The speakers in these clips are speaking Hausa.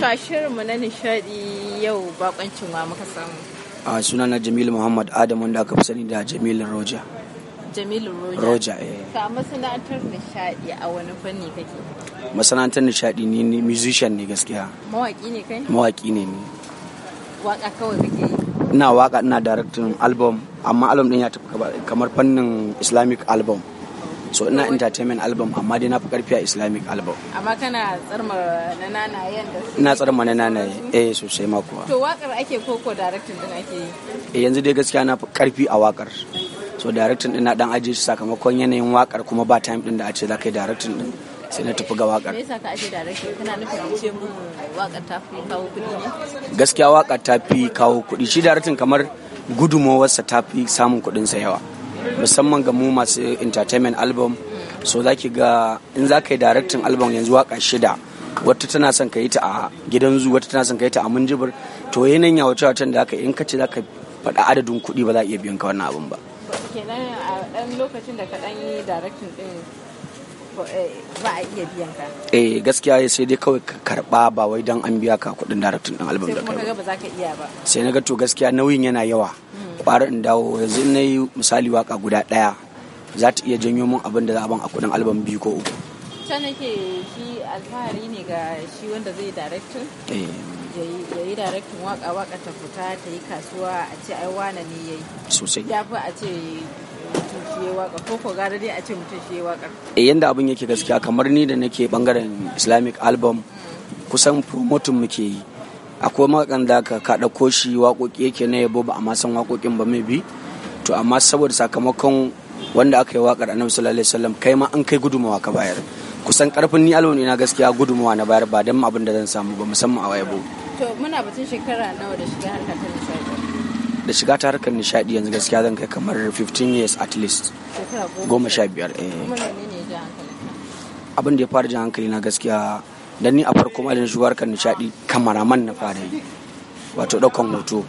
To mu na nishadi yau bakoncin wa muka samu. A sunana Jamilu Muhammad Adam wanda aka fi sani da Jamilu Roja. Jamilu Roja. Roja eh. Ka masana'antar nishadi a wani fanni kake? Masana'antar nishadi ne musician ne gaskiya. Mawaki ne kai? Mawaki ne ni. Waka kawai kake yi? Ina waka ina directing album amma album din ya tafi kamar fannin Islamic album. so ina entertainment album amma dai na fi karfi a islamic album amma kana tsarma na nanayen da ina tsarma na nanaye eh sosai ma kuwa to wakar ake koko directing din ake yi eh yanzu dai gaskiya na fi karfi a wakar so directing din na dan aje shi sakamakon yanayin wakar kuma ba time din da a ce za ka yi directing din sai na tafi ga wakar. Me yasa ka aje directing kana nufin ce mu wakar ta fi kawo kuɗi ne? Gaskiya wakar ta fi kawo kuɗi shi directing kamar gudunmawarsa ta fi samun kuɗinsa yawa. musamman ga mu masu entertainment album so za ki ga in za ka yi directing album yanzu waka shida wata tana son ka yi ta a gidan zu wata tana son ka yi ta a munjibir to yanayin ya wace wacen da aka in ka ce za ka faɗa adadin kuɗi ba za a iya biyan ka wannan abin ba kenan a ɗan lokacin da ka ɗan yi directing ɗin eh, ba a iya biyan ka eh gaskiya sai dai kawai ka karɓa ba wai dan an biya ka kuɗin directing ɗin album da kai ba sai na ga to gaskiya nauyin yana yawa hmm. kwara in dawo yanzu na yi misali waka guda ɗaya za ta iya janyo min abin da za a ban a kudin albam biyu ko uku ta nake shi alfahari ne ga shi wanda zai direction eh. ya yi direction waka waka ta fita ta yi kasuwa a ce ai wane ne ya yi sosai ya fi a ce mutum shi ya waka ko ko gara dai a ce mutum shi ya waka eh, yanda abin yake gaskiya kamar ni da nake bangaren islamic album kusan promotin muke yi akwai makan da ka kada koshi waƙoƙi yake na yabo ba amma san waƙoƙin ba mai bi to amma saboda sakamakon wanda aka yi waƙar annabi sallallahu alaihi wasallam kai ma an kai gudumawa ka bayar kusan karfin ni alwani na gaskiya gudumawa na bayar ba dan abin da zan samu ba musamman a wayabo to muna batun shekara nawa da shiga harkar ta nishadi da shiga ta harkar nishadi yanzu gaskiya zan kai kamar 15 years at least goma sha biyar eh. abin da ya fara jan hankali na gaskiya dan ni a farko malin da harkar nishadi kamaraman na fara yi wato daukan hoto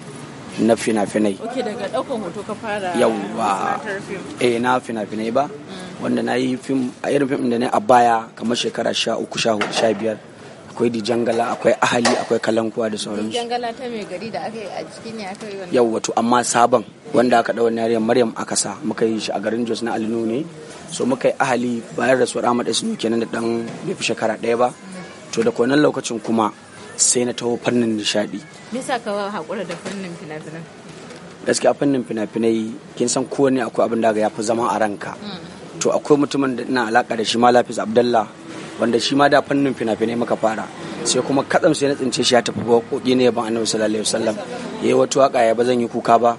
na fina-finai ok daga daukan hoto ka fara yawwa eh na fina-finai ba wanda na yi fim a irin fim da ne a baya kamar shekara sha uku sha hudu sha biyar akwai dijangala akwai ahali akwai kalankuwa da sauransu dijangala ta mai gari da aka yi a ciki ne aka yi wannan yau wato amma sabon wanda aka dawo na maryam akasa muka yi shi a garin jos na alinu ne so muka yi ahali bayan rasuwar ahmad asinu kenan da dan bai fi shekara ɗaya ba to da kwanan lokacin kuma sai na taho fannin nishadi Nisa ka haƙura da fannin fina-finan gaskiya fannin fina-finai kin san kowane akwai abin da ya fi zama a ranka mm. to akwai mutumin da ina alaƙa da shi ma Lafis wanda shi ma da fannin fina-finai muka fara sai kuma katsam sai na tsince shi ya tafi ba waƙoƙi ne ban annabi sallallahu alaihi wasallam yayi wata waka ya ba zan yi kuka ba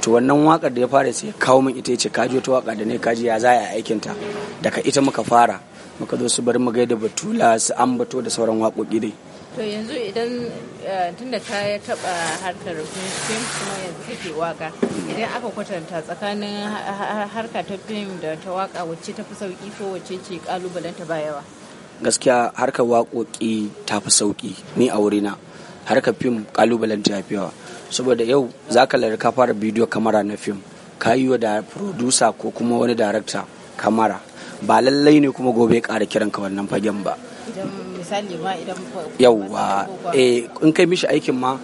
to wannan wakar da ya fara sai kawo min ita ya ce kaji wata waka da ne kaji ya za a aikin ta daga ita muka fara muka zo su bari mu gaida batula su ambato da sauran waƙoƙi dai to yanzu idan eh, tunda ta ya taba harkar fim kuma yanzu kake waka idan aka kwatanta tsakanin harka ta fim da ta waka wacce ta fi sauki ko wacce ce kalubalen ta bayawa gaskiya harkar waƙoƙi ta fi sauki ni a wurina harkar fim kalubalen ta fi yawa saboda yau za ka ka fara bidiyo kamara na fim ka yi wa da producer ko kuma wani darakta kamara ba lallai ne kuma gobe kara kiran ka wannan fagen ba yawwa eh, in kai mishi aikin ma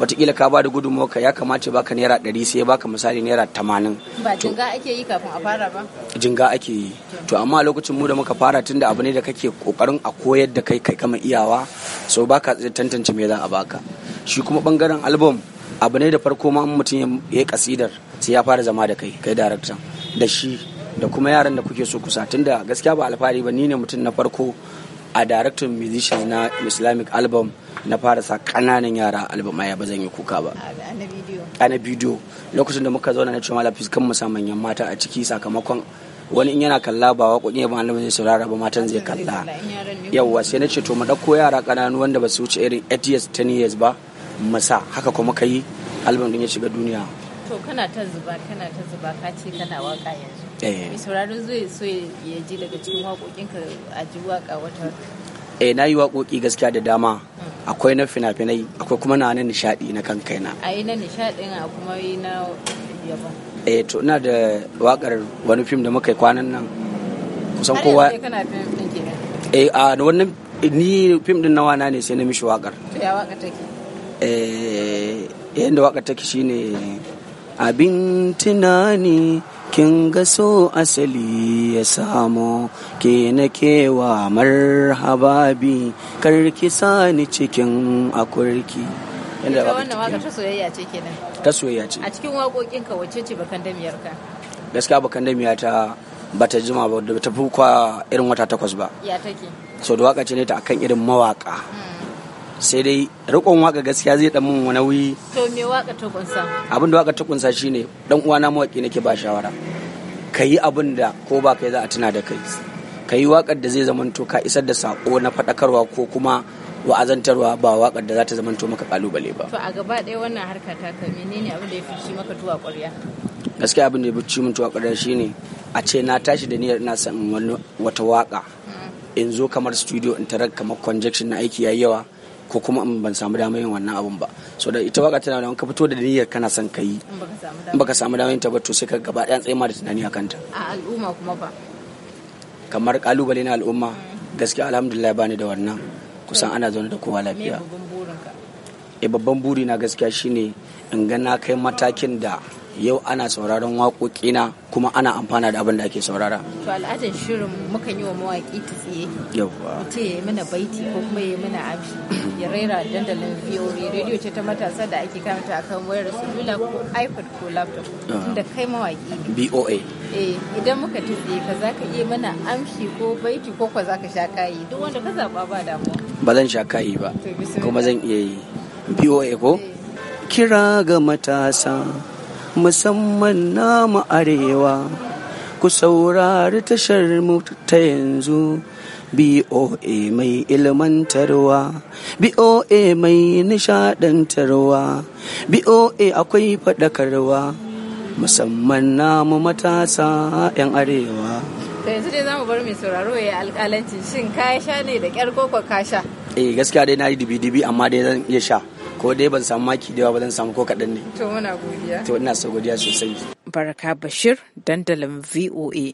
watakila ka bada gudunmawa ka ya kamata ka naira ɗari sai ba baka misali naira tamanin. Ba jinga ake yi kafin a fara ba? Jinga ake yi. To amma lokacin mu da muka fara tun da abu ne da kake kokarin a koyar da kai kai kama iyawa so baka tantance me za a baka. Shi kuma bangaren album abu ne da farko ma mutum ya yi kasidar sai ya fara zama da kai kai darakta da shi da kuma yaran da kuke so kusa tun da gaskiya ba alfahari ba ni ne mutum na farko a director musician na islamic album na fara sa kananan yara album ya ba zan yi kuka ba a na bidiyo lokacin da muka zauna na cewa malafis kan mu yan mata a ciki sakamakon wani in yana kalla ba wa waƙoƙi ya ban zai saurara ba matan zai kalla yawwa sai na ce to mu dauko yara kananu wanda ba su wuce irin 8 years 10 years ba masa haka kuma kai yi din ya shiga duniya to kana ta zuba kana ta zuba ka ce kana waka yanzu eh. mai sauraron zai so ya ji daga cikin ka a ji waka wata eh na yi waƙoƙi gaskiya da dama hmm. akwai na fina-finai akwai kuma na na nishadi na kan kaina a yi na nishadin a kuma yi na yabon eh to ina da wakar wani fim da muka yi kwanan nan kusan kowa eh a wannan ni fim din nawa na ne sai na mishi wakar to ya waka take eh yanda waka take shine abin tunani kin ga so asali ya samo ke na kewa marhababi karki sani cikin akurki yadda ba wannan waka ta soyayya ce kenan ta soyayya ce a cikin waƙoƙin ka wacce ce bakan damiyar ka gaskiya bakan damiya ta bata jima ba ta fukwa irin wata takwas ba ya take so da waka ce ne ta akan irin mawaka hmm. sai dai rikon waka gaskiya zai dan mun wani wuyi to me waka ta kunsa abin da waka ta kunsa shine dan uwana mawaki nake ba shawara ka yi abin da ko ba kai za a tuna da kai ka yi wakar da zai zamanto ka isar da sako na faɗakarwa ko kuma wa'azantarwa ba wakar da za ta to maka kalubale ba to a gaba ɗaya wannan harka ta ka menene abin da ya fi maka tuwa ƙwarya gaskiya abin da ya fi min tuwa ƙwarya shine a ce na tashi da niyyar ina son wata waka mm. in zo kamar studio in tarar kamar conjection na aiki yayi yawa ko kuma in ban samu damar yin wannan abun ba so da ita waka tana da ka fito da niyyar kana son ka yi in baka samu damar yin ta ba to sai ka gaba ɗaya tsaye da tunani kanta. kanta a al'umma kuma ba kamar kalubale na al'umma gaskiya alhamdulillah bani da wannan kusan ana zaune da kowa lafiya e babban buri na gaskiya shine in ga na kai matakin da yau ana sauraron waƙoƙina kuma ana amfana da abin da ake saurara. To al'adar shirin mukan yi wa mawaƙi ta tsaye. Yawwa. Mutum ya yi mana baiti ko kuma ya yi mana amshi ya raira dandalin fiyori rediyo ce ta matasa da ake karanta akan wayar salula ko iPad ko laptop. Ah. Tunda kai mawaƙi. BOA. Eh idan muka ta tsaye ka za ka iya mana amshi ko baiti ko kwa za ka sha kayi duk wanda ka zaɓa ba damuwa. Ba zan sha kayi ba kuma zan iya yi. BOA ko? Kira ga matasa musamman namu arewa ku saurari tashar mu ta yanzu BOA mai ilmantarwa, BOA mai nishadantarwa, BOA akwai faɗakarwa musamman namu matasa 'yan arewa. ta yanzu dai mu bar mai sauraro ya alƙalanci shin kaya sha ne da ƙyar koko ka sha eh gaskiya dai na yi dibi-dibi amma dai zan iya sha ko dai ban samu maki da yawa ba zan samu ko kaɗan ne to muna godiya to ina so godiya sosai baraka bashir dandalin voa